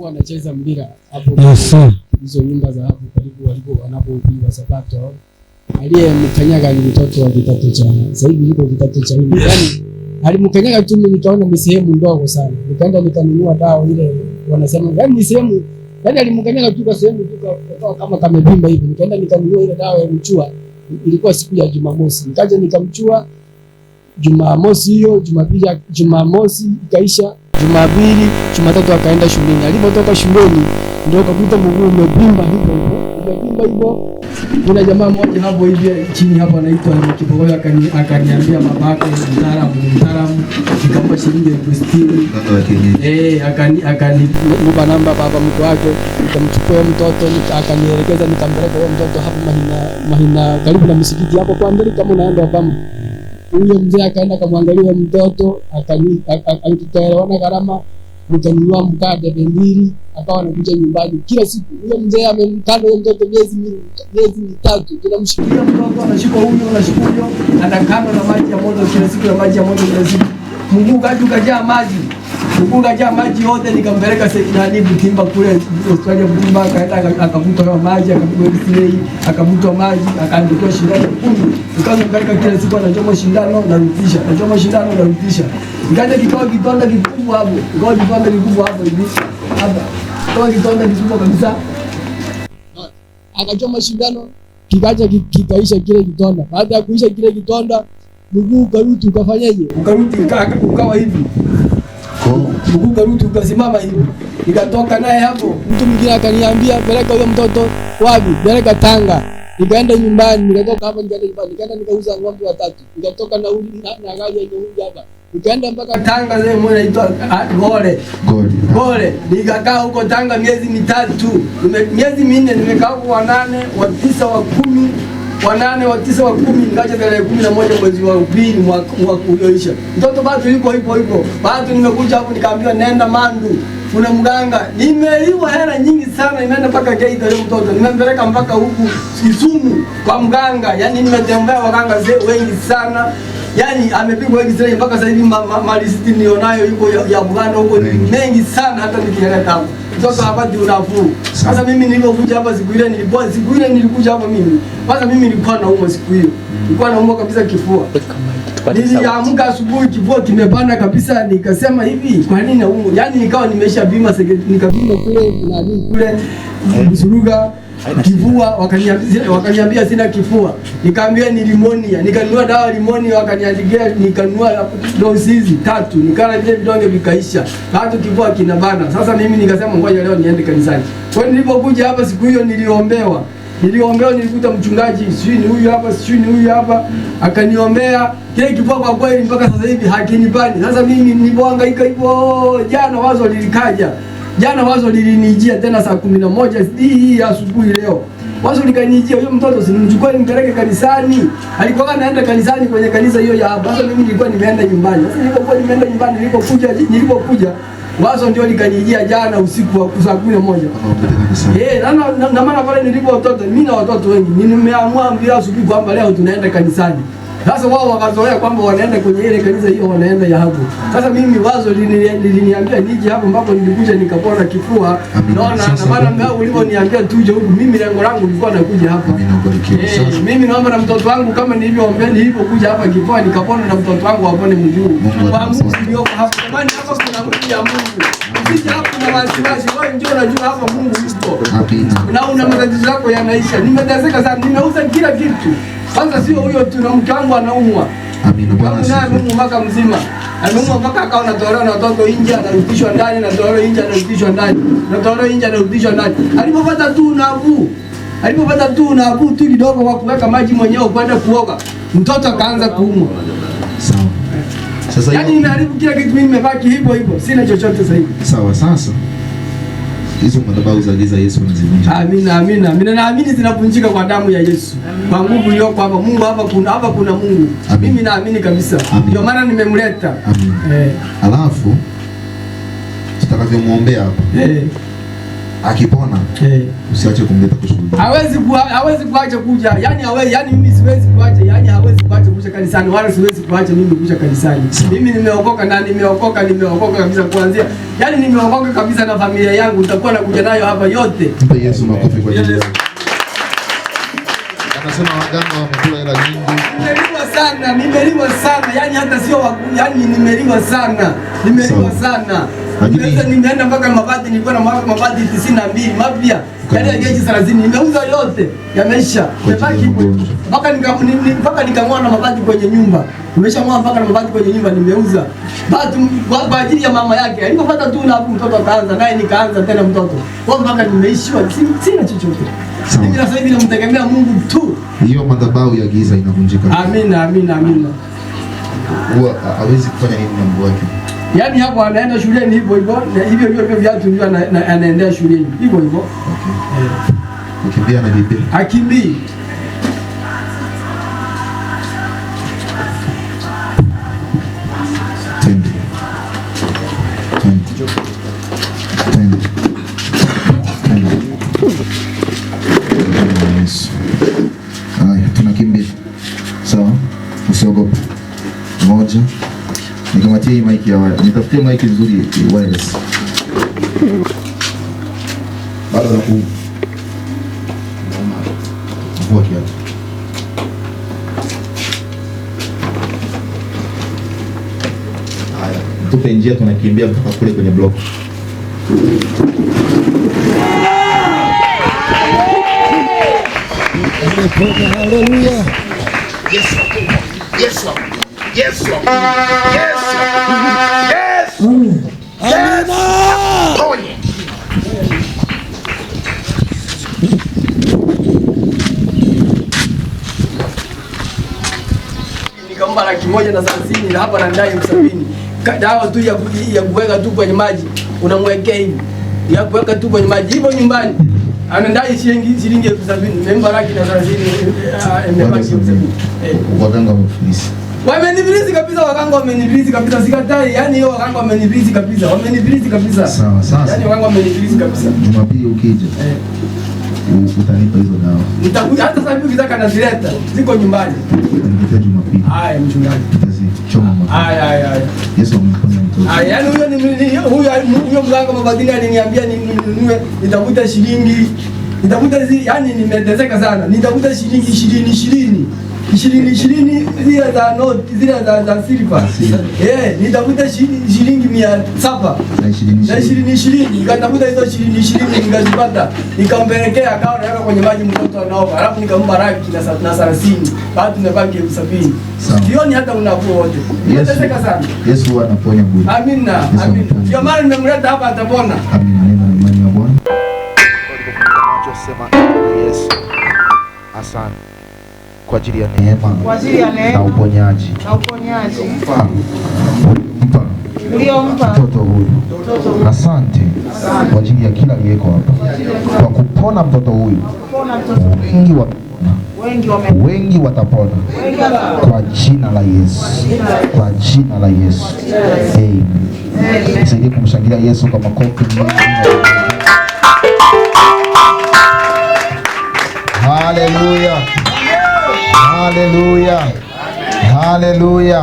walikuwa wanacheza mpira hapo hizo nyumba za hapo karibu walipo wanapopiga sabato, aliyemkanyaga ni mtoto wa vitatu cha sasa hivi yuko vitatu cha hivi, yani alimkanyaga tu, mimi nikaona ni sehemu ndogo sana, nikaenda nikanunua dawa ile, wanasema yani ni sehemu yani alimkanyaga tu kwa sehemu tu kama kama bimba hivi, nikaenda nikanunua ile dawa ya mchua. Ilikuwa siku ya Jumamosi, nikaja nikamchua Jumamosi hiyo, Jumapili, Jumamosi ikaisha Jumapili, Jumatatu akaenda shuleni. Alipotoka shuleni ndio kakuta mguu umevimba hivyo hivyo. Umevimba hivyo. Kuna jamaa mmoja hapo hivi chini hapa anaitwa Kibogoyo akani akaniambia babake Ndara mtaalamu nikampa shilingi elfu Eh, akani akani nipa namba baba mtu wake nikamchukua mtoto akanielekeza nikampeleka huyo mtoto hapo mahina mahina karibu na msikiti hapo kwa mbele kama unaenda wapamu. Huyo mzee akaenda akamwangalia mtoto, tukaelewana gharama, nikanunua mkate mbili, akawa anakuja nyumbani kila siku. Huyo mzee amemkanda huyo mtoto miezi miezi mitatu, tunamshikilia mtoto, anashikwa huyo, anashikwa huyo, anakandwa na maji ya moto kila siku, na maji ya moto kila siku, mguu kaji ukajaa maji Nikungajia maji yote nikampeleka sekinani Butimba kule Australia Butimba, akaenda akavutwa maji akapiga akavutwa maji akaandikiwa shindano kumi. Nikaanza kupeleka kila siku anachoma shindano narudisha, anachoma shindano narudisha. Nikaja kikawa kitonda kikubwa hapo, kikawa kitonda kikubwa hapo hivi hapa, kikawa kidonda kikubwa kabisa. Akachoma shindano kikaja kikaisha kile kitonda. Baada ya kuisha kile kitonda, mguu ukaruti ukafanyaje? Ukaruti ukawa hivi mkuka rutu ukasimama hivi, nikatoka naye hapo. Mtu mwingine akaniambia peleka huyo mtoto wapi, peleka Tanga. Nikaenda nyumbani, nikatoka hapo, nikaenda nyumbani, nikaenda nikauza ng'ombe watatu, nikatoka na uli na gari ya hapa, nikaenda mpaka Tanga, zile moja inaitwa ah, Gole Gole. Nikakaa huko Tanga miezi mitatu, miezi minne, nimekaa huko wa nane, wa tisa, wa kumi wa nane wa tisa wa kumi ngaja tarehe kumi na moja mwezi wa pili mwaka ulioisha, mtoto bado yuko hivyo hivyo. Bado nimekuja hapo nikaambiwa nenda Mandu kuna mganga. Nimeliwa hela nyingi sana, imeenda mpaka Geita leo. Mtoto nimempeleka mpaka huku Kisumu kwa mganga, yani nimetembea waganga wengi sana yani amepigwa wengi sana mpaka sasa hivi malisiti ma, nilionayo yuko ya Buganda huko ni mengi sana, hata nikileta hapo kutoka hapa Juravu. Sasa mimi nilipokuja hapa siku ile nilikuwa siku ile nilikuja hapa mimi. Kwanza mimi nilikuwa naumwa siku hiyo. Nilikuwa naumwa kabisa kifua. Niliamka asubuhi kifua kimepanda kabisa, nikasema hivi, kwa nini naumwa? Yaani nikawa nimesha bima nikapima kule na kule Busuruga kifua, wakaniambia sina kifua, nikaambia ni limonia. Nikanunua dawa limonia, wakaniandikia, nikanunua dosi hizi tatu, nikala vile vidonge vikaisha, tatu kifua kinabana. Sasa mimi nikasema ngoja leo niende kanisani. Kwa hiyo nilipokuja hapa siku hiyo niliombewa niliombewa nilikuta mchungaji sijui ni huyu hapa sijui ni huyu hapa, akaniombea kile kifua. Kwa kweli mpaka sasa hivi hakinipani. Sasa mimi nilipohangaika hivyo, jana wazo lilikaja Jana wazo lilinijia tena saa kumi na moja hii asubuhi leo, wazo likanijia, huyo mtoto sinimchukua nimpeleke kanisani. Alikuwa anaenda kanisani kwenye kanisa hiyo ya hapa. Sasa mimi nilikuwa nimeenda nyumbani. Sasa nilipokuwa nimeenda nyumbani, nilipokuja nilipokuja wazo ndio likanijia jana usiku wa saa kumi na moja. Eh, na na maana pale nilipo watoto, mimi na watoto wengi nimeamua mbio asubuhi kwamba leo tunaenda kanisani. Sasa wao wakazoea kwamba wanaenda kwenye ile kanisa hiyo, wanaenda ya hapo. Sasa mimi wazo liliniambia nije hapo, ambapo nilikuja nikapona kifua, naona na maana mbao ulivyoniambia tuje huku, mimi lengo langu lilikuwa nakuja hapa. Eh, mimi naomba na mtoto wangu kama nilivyoombea hivyo kuja hapa kifua nikapona, na mtoto wangu apone mguu. Kwa Mungu ndio hapo, kwani hapo kuna Mungu ya Mungu. Sisi hapo na wasiwasi, wewe ndio unajua hapa Mungu yupo. Na una matatizo yako yanaisha. Nimeteseka sana, nimeuza kila kitu. Kwanza sio huyo tu, na mke wangu anaumwa. Amina Bwana asifiwe. Anaumwa mpaka mzima. Anaumwa mpaka akawa anatolewa na watoto nje, anarudishwa ndani, na anatolewa nje, anarudishwa ndani. Na Anatolewa nje, anarudishwa ndani. Alipopata tu nafuu. Alipopata tu nafuu tu kidogo kwa kuweka maji mwenyewe kwenda kuoga. Mtoto akaanza kuumwa. Sawa. Sasa yaani inaharibu kila kitu, mimi nimebaki hivyo hivyo. Sina chochote sasa hivi. Sawa sasa. Hizo madhabahu za giza Yesu anazivunja. Amina, amina. Mimi naamini zinavunjika kwa damu ya Yesu. Kwa nguvu hiyo, kwa Mungu hapa kuna hapa kuna Mungu. Mimi naamini kabisa. Ndio maana nimemleta. Amina. Eh. Alafu tutakavyomwombea hapa. Eh akipona hey, eh. usiache kumleta kushuhudia. Hawezi hawezi kuacha kuja, yani hawezi, yani mimi siwezi kuacha, yani hawezi kuacha kuja kanisani, wala siwezi kuacha mimi kuja kanisani. Mimi nimeokoka na nimeokoka, nimeokoka kabisa kuanzia, yani nimeokoka kabisa na familia yangu nitakuwa nakuja nayo hapa yote. Mpe Yesu makofi kwa ajili yako. Anasema waganga wamekula hela nyingi. Nimeliwa sana, nimeliwa sana, yani hata sio, yani nimeliwa sana, nimeliwa sana. Lakini sasa nimeenda mpaka mabati, nilikuwa na mwaka mabati 92 mapya, yaani ya geji 30 nimeuza yote, yameisha. Nimebaki mpaka mpaka nikamwa na mabati kwenye nyumba. Nimeshamwa mpaka na mabati kwenye nyumba nimeuza. Batu kwa ajili ya mama yake. Alipopata tu na mtoto akaanza naye nikaanza tena mtoto. Kwa mpaka nimeishiwa sina chochote. Mimi sasa hivi namtegemea Mungu tu. Hiyo madhabahu ya giza inavunjika. Amina, amina, amina huwa hawezi kufanya nini na mguu wake. Yaani hapo anaenda shuleni hivyo hivyo na hivyo hivyo hivyo viatu ndio anaendea shuleni hivyo hivyo. Okay. Kukimbia na bibi. Akimbii. Tunakimbia. Sawa. Usiogope maji, nikamatia hii maiki ya waya, nitafutie maiki nzuri eh, wireless. Bado nakuuma mvua kiasi tupe njia, tunakimbia mpaka kule kwenye block. Haleluya! Yesu, Yesu. Yesu, Yesu, Yesu, Yesu aponye. laki moja na hamsini na hapa na ndani sabini dawa tu ya kuweka tu kwenye maji unamwekea hivi ya kuweka tu kwenye maji hivyo nyumbani, anadai shilingi shilingi Waganga wamefilisika wamenibilisi kabisa, waganga wamenibilisi kabisa, sikatai. Yani hiyo waganga wamenibilisi kabisa, wamenibilisi kabisa. Sawa sasa, yani waganga wamenibilisi kabisa. Jumapili ukija eh. utanipa hizo dawa, nitakuja. Hata sasa hivi ukitaka nazileta, ziko nyumbani, nitakuja Jumapili. Haya mchungaji, tutazichoma. Haya haya haya, Yesu amekuona yani huyo ni huyo, huyo mganga mabadili aliniambia ninunue, nitakuta shilingi nitakuta hizi, yani nimetezeka sana, nitakuta shilingi ishirini ishirini ishirini ishirini zile za note zile za za silver eh, nitakuta shilingi mia saba na ishirini ishirini nitakuta hizo shilingi ishirini nikazipata, nikampelekea akawa naweka kwenye maji, mtoto anaoga, alafu nikampa rangi na sarasini, baada tumebaki elfu sabini jioni, hata unafua wote. Nimeteseka sana. Yesu anaponya bure, amina, amina. Ndio maana nimemleta hapa, atapona, amina. Tunasema Yesu, asante kwa ajili ya neema na uponyaji uliompa mtoto huyu. Asante kwa ajili ya kila aliyeko hapa kwa kupona mtoto huyu. Wengi wa wengi watapona kwa jina la Yesu, kwa jina la Yesu. Amen. Saidie kumshangilia Yesu kwa makofi mengi. Haleluya, haleluya, haleluya.